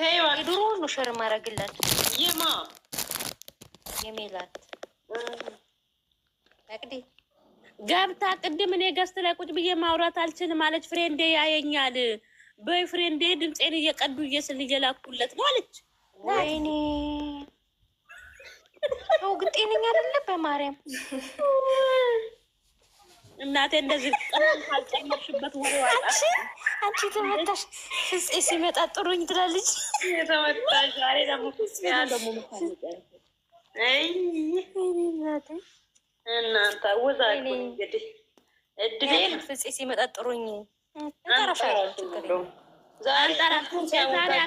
ተይዋል። ድሮ ሸር ማረግላት የማ የሜላት ቅዲ ገብታ ቅድም እኔ ገስት ላይ ቁጭ ብዬ ማውራት አልችልም አለች። ፍሬንዴ ያየኛል። በይ ፍሬንዴ ድምፄን እየቀዱ እየስል እየላኩለት ነው አለች። ወይኔ ሰው ግጤነኛ በማርያም እናቴ እንደዚህ ካልጨመርሽበት ወ አንቺ አንቺ ተመታሽ። ፍፄ ሲመጣ ጥሩኝ ትላለች። ተመታሽ ዛሬ ደግሞ እናንተ ሲመጣ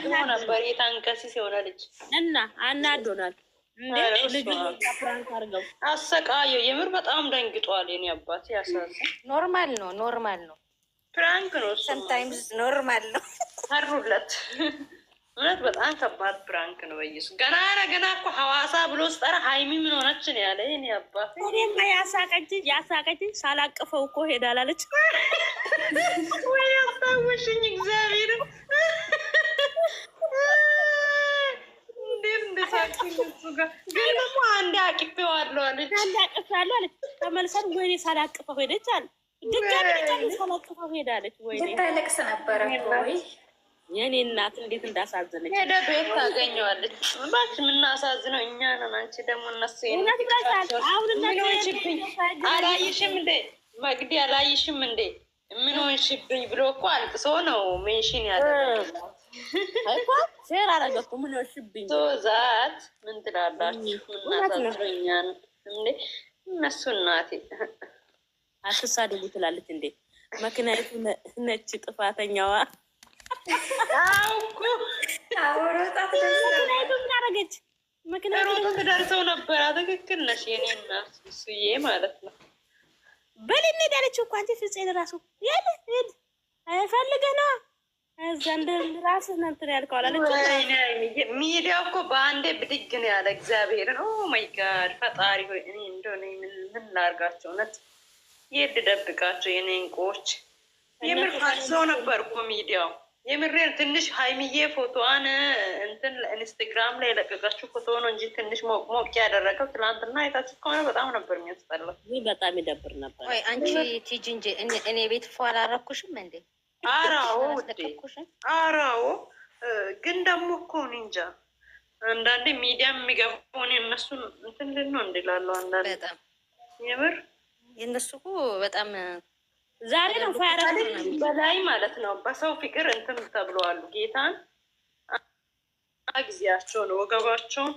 ጥሩኝ ነበር የታንቀሲስ የሆነ ልጅ እና አናዶናል አሰቃየው። የምር በጣም ደንግጧል። የኔ አባት ያሳዝን። ኖርማል ነው፣ ኖርማል ነው፣ ፕራንክ ነው፣ ሰምታይምስ ኖርማል ነው። ሰሩለት። እውነት በጣም ከባድ ፕራንክ ነው። በየሱ ገና ገና እኮ ሀዋሳ ብሎ ስጠራ ሀይሚ ምን ሆነች ያለ የኔ አባት። እኔማ ያሳቀች ያሳቀች ሳላቅፈው እኮ ሄዳላለች ወይ ያስታውሽኝ እግዚአብሔር አንድ አቅፌዋለሁ አለች። አንድ አቅፌዋለሁ አለች። ተመልሰን ወይኔ ሳላቅፈው ሄደች አለ። ድጋሚ ድጋሚ ሳላቅፈው ሄዳለች። ወይኔ ልታለቅስ ነበረ። የኔ እናት እንዴት እንዳሳዘነች ሄደ። ቤት ታገኘዋለች። ባች የምናሳዝነው እኛ ነን። አንቺ ደግሞ እነሱ ሆንሽብኝ አላየሽም እንዴ መግዲ አላየሽም እንዴ ምን ሆንሽብኝ ብሎ እኮ አልቅሶ ነው ሜንሽን ያደረገ እኮ ሼር አረገኩ ምን ምን ትላላችሁ? እንዴ እነሱ እናቴ አትሳደቡ ትላለች እንዴ መኪናይቱ ነች ጥፋተኛዋ። መኪናይቱ ምን አደረገች? መኪናይቱ ትደርሰው ነበረ። ትክክል ነሽ የኔ እናት ማለት ነው። በል እንሄዳለች እኮ አንቺ ፍጽ ራሱ ያለ ሄድ አይፈልገና ሚዲያው እኮ በአንዴ ብድግ ነው ያለ። እግዚአብሔርን ኦ ማይ ጋድ ፈጣሪ ሆይ እኔ እንደሆነ ምን ላድርጋቸው? እውነት የት ልደብቃቸው? የኔ እንቁዎች የምር ሰው ነበር እኮ ሚዲያው። የምሬን ትንሽ ሀይሚዬ ፎቶዋን እንትን ኢንስታግራም ላይ የለቀቀችው ፎቶ ነው እንጂ ትንሽ ሞቅ ያደረገው ትናንትና አይታችሁ ከሆነ በጣም ነበር የሚያስጠላው። በጣም ይደብር ነበር። አንቺ ቲጂ እንጂ እኔ ቤት ፎ አላረኩሽም እንዴ? አራው አራው ግን ደግሞ እኮ እኔ እንጃ አንዳንዴ ሚዲያ የሚገባውን የእነሱን እንትን ነው እንዲላለሁ። አንዳንዴ በጣም የምር የእነሱ እኮ በጣም ዛሬ ነው ፋያረ በላይ ማለት ነው። በሰው ፍቅር እንትን ተብለዋሉ። ጌታን ጊዜያቸውን ወገባቸውን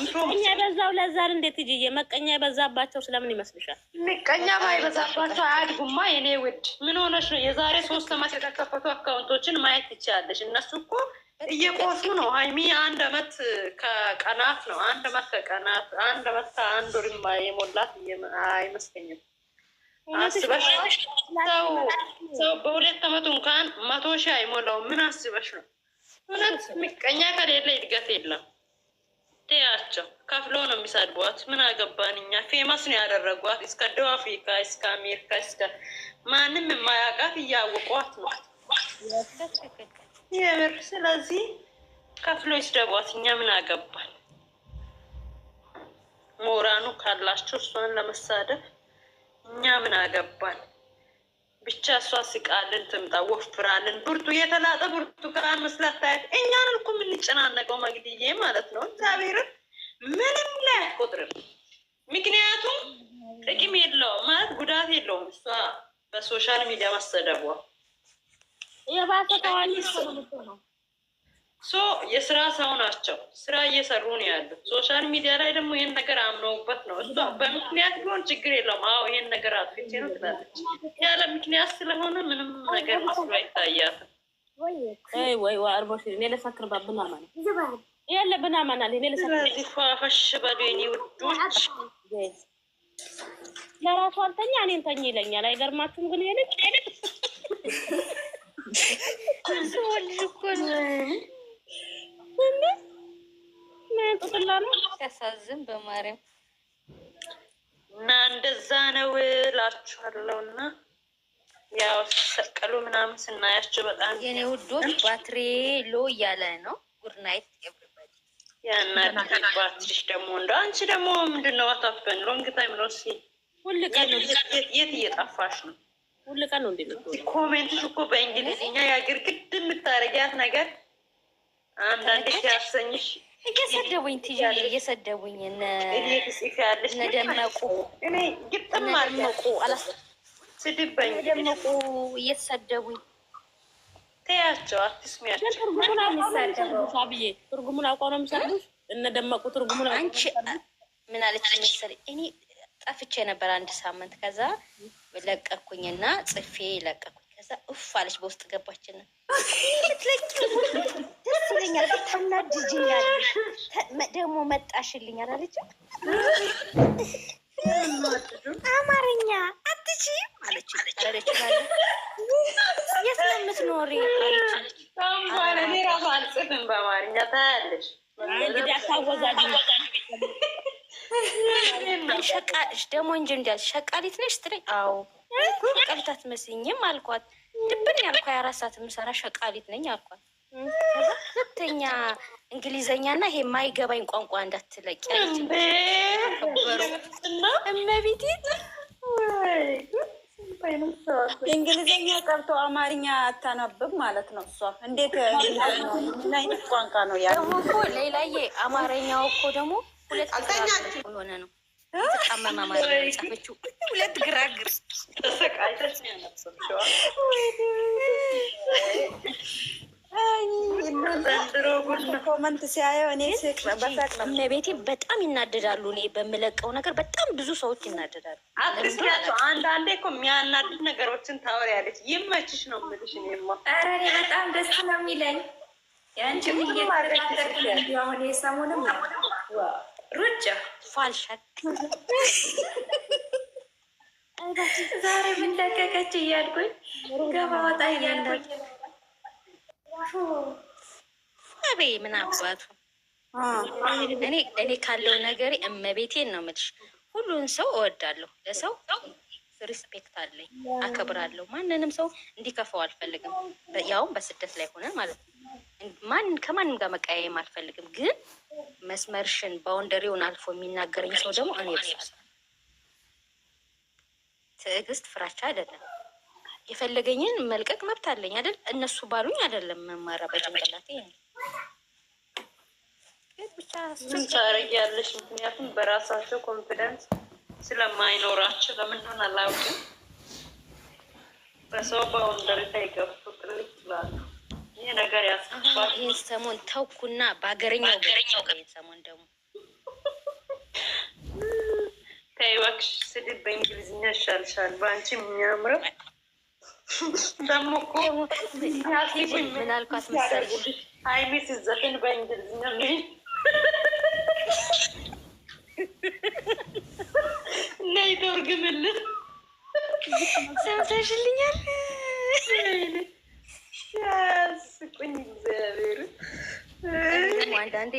ምቀኛ የበዛው ለዛር እንዴት ይጅዬ መቀኛ የበዛባቸው ስለምን ይመስልሻል? ምቀኛ የበዛባቸው አያድጉማ የኔ ውድ። ምን ሆነሽ ነው? የዛሬ ሶስት ዓመት የተከፈቱ አካውንቶችን ማየት ይቻለሽ። እነሱ እኮ እየቆሱ ነው። ሀይሚ አንድ አመት ከቀናት ነው አንድ አመት ከቀናት አንድ አመት ከአንድ ወር የሞላት አይመስለኝም። አስበሽ ነው ሰው በሁለት አመቱ እንኳን መቶ ሺህ አይሞላው። ምን አስበሽ ነው? እውነት ምቀኛ ከሌለ እድገት የለም። ናቸው። ከፍሎ ነው የሚሰድቧት። ምን አገባን እኛ። ፌማስ ነው ያደረጓት። እስከ ደቡብ አፍሪካ፣ እስከ አሜሪካ፣ እስከ ማንም የማያውቃት እያወቋት ነው የምር። ስለዚህ ከፍሎ ይስደቧት። እኛ ምን አገባን። ምሁራኑ ካላቸው እሷን ለመሳደብ እኛ ምን አገባን። ብቻ እሷ ስቃልን፣ ትምጣ፣ ወፍራልን። ብርቱ የተላጠ ብርቱካን መስላት ታያት። እኛን እኮ የምንጨናነቀው መግድዬ ማለት ነው እግዚአብሔርን ምንም ላይ አትቆጥርም። ምክንያቱም ጥቅም የለውም ማለት ጉዳት የለውም። እሷ በሶሻል ሚዲያ ማሰደቧ ሶ የስራ ሰው ናቸው፣ ስራ እየሰሩ ነው ያሉት። ሶሻል ሚዲያ ላይ ደግሞ ይህን ነገር አምነውበት ነው። እሷ በምክንያት ቢሆን ችግር የለውም። አዎ ይህን ነገር አጥፍቼ ነው ትላለች። ያለ ምክንያት ስለሆነ ምንም ነገር መስሎ አይታያትም። ወይ ወይ ወይ አርቦሽ እኔ ለሳክር ባብና ማለት ያለ ብናመናል ፋፈሽ በሉ የኔ ውዶች። ለራሱ አልተኛ እኔን ተኝ ይለኛል። አይገርማችሁም? ግን ይሄንን ሲያሳዝን በማርያም እና እንደዛ ነው እላችኋለሁ። እና ያው ሲሰቀሉ ምናምን ስናያቸው በጣም የኔ ውዶች ባትሬ ሎ እያለ ነው። ጉድናይት ያናባትሽ ደግሞ እንደ አንቺ ደግሞ ምንድን ነው ሎንግ ታይም ነው ሲ ሁል ቀን የት እየጠፋሽ ነው? ሁል ቀን ነው ኮሜንትሽ እኮ በእንግሊዝኛ የአገር ግድ የምታረጊያት ነገር አንዳንዴ ሲያሰኝሽ እየሰደቡኝ እየሰደቡኝ ነደመቁ እኔ ግጥም እየተሰደቡኝ ተያቸው ትርጉሙን አውቀው ነው የሚሰሩት። እነ ትርጉሙን አንቺ ምን አለች መሰለኝ እኔ ጠፍቼ ነበር አንድ ሳምንት። ከዛ ለቀኩኝና ጽፌ ለቀኩኝ። ከዛ እፍ አለች በውስጥ ገባችን። ደስ ይለኛል፣ ታናድጅኛል፣ ደግሞ መጣሽልኛል አለችው። አማርኛ አትችይም አለች አለች ኖሪ ሸቃሽ ደግሞ እንጂ እንዳልሽ ሸቃሊት ነሽ ስትለኝ አዎ ሸቃሊት አትመስኝም አልኳት። ድብን ያልኳ የአራት ሰዓት የምሰራ ሸቃሊት ነኝ አልኳት። ሁለተኛ እንግሊዘኛ እና ይሄ ማይገባኝ ቋንቋ እንዳትለቂ እመቤቴ እንግሊዝኛ ቀርቶ አማርኛ አታነብብ ማለት ነው። እሷ እንዴት ምን አይነት ቋንቋ ነው ያ? ሌላዬ አማርኛው እኮ ደግሞ ሁለት ሆነ ነው የተጣመመ ሁለት ግራግር ኮመንት ሲያየው እኔ ቤቴ በጣም ይናደዳሉ። እኔ በምለቀው ነገር በጣም ብዙ ሰዎች ይናደዳሉ። አትስያቸው። አንዳንዴ እኮ የሚያናድድ ነገሮችን ታወሪያለች። ይመችሽ ነው የምልሽ። እኔማ ኧረ እኔ በጣም ደስ ነው የሚለኝ የአንቺም ሁን የሰሙንም ሩጭ ፋልሸክ ዛሬ ምን ለቀቀች እያልኩኝ ገባ ወጣ እያልኩኝ አቤ ምን አባቱ እኔ እኔ ካለው ነገር እመቤቴን ነው የምልሽ። ሁሉን ሰው እወዳለሁ። ለሰው ሪስፔክት አለኝ፣ አከብራለሁ። ማንንም ሰው እንዲከፋው አልፈልግም። ያውም በስደት ላይ ሆነ ማለት ነው። ማን ከማንም ጋር መቀያየም አልፈልግም። ግን መስመርሽን ባውንደሪውን አልፎ የሚናገረኝ ሰው ደግሞ እኔ ትዕግስት ፍራቻ አይደለም። የፈለገኝን መልቀቅ መብት አለኝ አይደል? እነሱ ባሉኝ አይደለም መማራ በጭንቅላቴ ያለሽ ምክንያቱም በራሳቸው ኮንፊደንስ ስለማይኖራቸው ለምንሆን እንደሆነ አላውቅም። በሰው ባውንደሪ ላይ ገብቶ ጥልቅ ይላሉ። ይህ ነገር ያስባል። ይህን ሰሞን ተውኩና በሀገረኛው ገረኛው ይህን ሰሞን ደግሞ ተይ እባክሽ ስድብ በእንግሊዝኛ ይሻልሻል። በአንቺ የሚያምረው ደግሞ እኮ ምን አልኳት መሰለሽ? ሀይሚ ስትዘፍን በእንግሊዝኛ ነይ ተርጉምልን። ሰምተሽልኛል? አንዳንዴ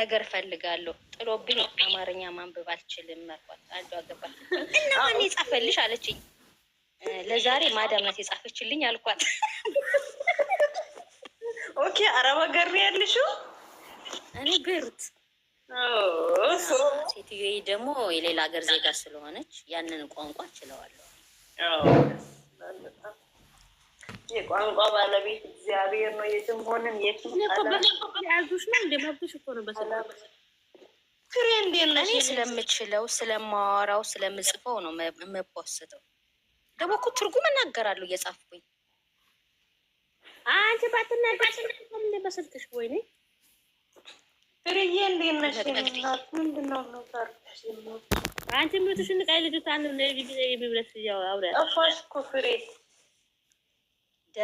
ነገር ፈልጋለሁ ጥሎብኝ አማርኛ ማንበብ አልችልም አልኳት። አንዷ ገባች እና ማን የጻፈልሽ አለችኝ። ለዛሬ ማዳም ናት የጻፈችልኝ አልኳት። ኦኬ አረብ ሀገር ያለሽው እኔ ቤሩት። ሴትዮ ደግሞ የሌላ ሀገር ዜጋ ስለሆነች ያንን ቋንቋ ችለዋለሁ። የቋንቋ ባለቤት እግዚአብሔር ነው። የትም ሆንም የትም ያዙሽ ነው እንደ መብሽ እኮ ነው። በሰላ ፍሬ እንዴ እኔ ስለምችለው ስለማወራው ስለምጽፈው ነው የምፖስተው ደግሞ እኮ ትርጉም እናገራለሁ እየጻፍኩኝ። አንቺ ባትናገር በስልክሽ ወይ ነሽ? ነው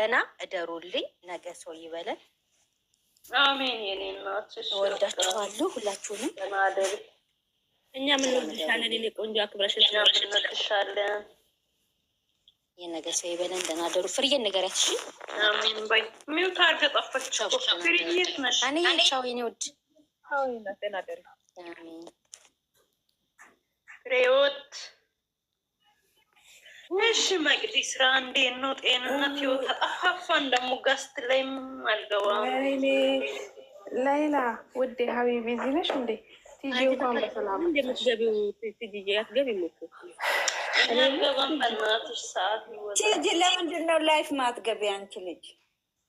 ደህና እደሩልኝ። ነገ ሰው ይበለን። አሜን። የኔ እወዳችኋለሁ ሁላችሁንም። እኛ ምን እንወድሻለን ቆንጆ አክብረሽ እንወድሻለን። ይህን ነገር ሰው ይበለን። ደህና ደሩ። ፍርዬን ንገሪያት እሺ። ሚውታ ገጠፈች። ፍርዬት ነሽ እኔ ሻው የኔ ውድ ፍሬዎት እሺ መቅዲ ስራ ነው? ጤንነት ህይወት ተጠፋፋን። ደግሞ ጋስት ላይም አልገባም። ላይላ ውዴ ሀቢቢ እዚህ ነሽ እንዴ? ቲጂ እንኳን በሰላም እንደምትገቢው ቲጂ አትገቢም እኮ ቲጂ ለምንድን ነው ላይፍ ማትገቢ? አንቺ ልጅ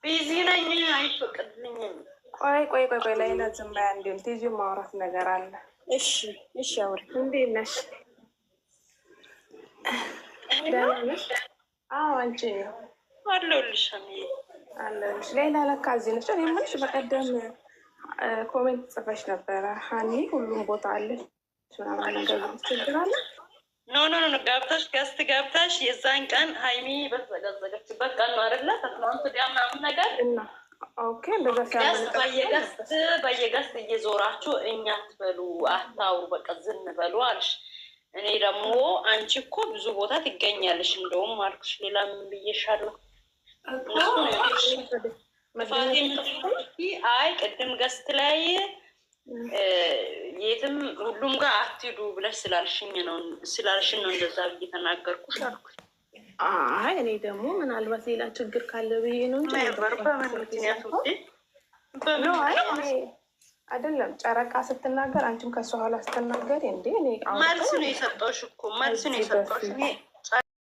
ቢዚ ነኝ አይፈቅድልኝም። ቆይ ቆይ ቆይ ቆይ ላይ ዝም በይ አንዴ፣ ቲጂ ማውራት ነገር አለ። እሺ እሺ፣ አውሪ። እንዴት ነሽ? ደህና ነሽ? አዎ፣ አንቺ አለሁልሽ። አለሁልሽ። ሌላ ለካ እዚህ ነሽ። እኔ የምልሽ በቀደም ኮሜንት ጽፈሽ ነበረ ሀኒ ሁሉም ቦታ አለሽ ምናምን ነገር ችግር አለ ኖ ኖ ኖ ገብታሽ ገስት ገብታሽ የዛን ቀን ሀይሚ በተዘጋዘገችበት ቀን ነው አይደለ? ተስማምቱ ዲያ ምናምን ነገር እና ኦኬ፣ እንደዛ በየገስት በየገስት እየዞራችሁ እኛ ትበሉ አታውሩ፣ በቃ ዝም በሉ አልሽ። እኔ ደግሞ አንቺ እኮ ብዙ ቦታ ትገኛለሽ እንደውም አልኩሽ። ሌላ ምን ብዬሻለሁ? አይ ቅድም ገስት ላይ የትም ሁሉም ጋር አትሄዱ ብለሽ ስላልሽኝ ነው ስላልሽን ነው እንደዛ ብዬ ተናገርኩሽ አልኩት። አይ እኔ ደግሞ ምናልባት ሌላ ችግር ካለ ብዬ ነው እንጂ በምን ምክንያቱ አይደለም። ጨረቃ ስትናገር አንቺም ከእሷ ኋላ ስትናገር እንዴ እኔ መልስ ነው የሰጠሁሽ እኮ መልስ ነው የሰጠሁሽ።